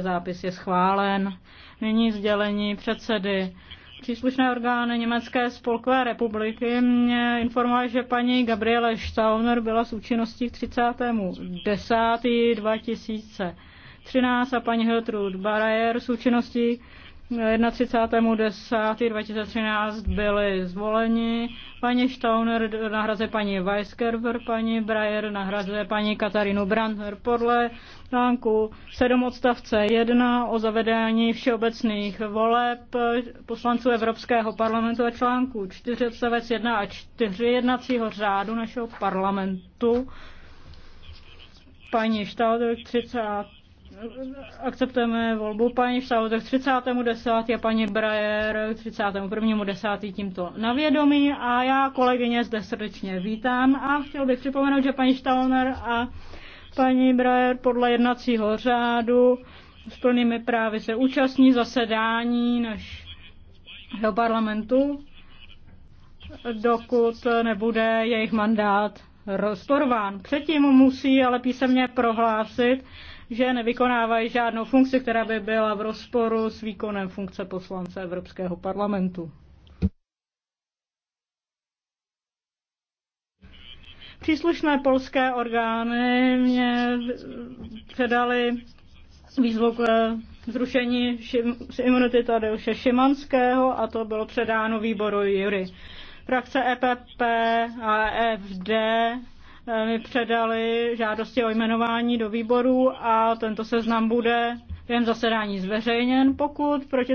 Zápis je schválen. Nyní sdělení předsedy. Příslušné orgány Německé spolkové republiky mě informovaly, že paní Gabriele Stauner byla s účinností k 30.10.2013 a paní Hiltrud Barajer s účinností 31.10.2013 byli zvoleni. Paní Stauner nahrazuje paní Weiskerber, paní Breyer nahrazuje paní Katarínu Brandner podle článku 7 odstavce 1 o zavedání všeobecných voleb poslanců Evropského parlamentu a článku 4 odstavec 1 a 4 jednacího řádu našeho parlamentu. Paní Stauner 30 akceptujeme volbu paní Šauder k 30.10. a paní Brajer 31.10. tímto na vědomí a já kolegyně zde srdečně vítám a chtěl bych připomenout, že paní Štalner a paní Brajer podle jednacího řádu s plnými právy se účastní zasedání našeho parlamentu, dokud nebude jejich mandát rozporován. Předtím musí ale písemně prohlásit, že nevykonávají žádnou funkci, která by byla v rozporu s výkonem funkce poslance Evropského parlamentu. Příslušné polské orgány mě předali výzvu k eh, zrušení šim, imunity Tadeuše Šimanského a to bylo předáno výboru Jury. Frakce EPP a EFD Eh, mi předali žádosti o jmenování do výboru a tento seznam bude jen zasedání zveřejněn, pokud proti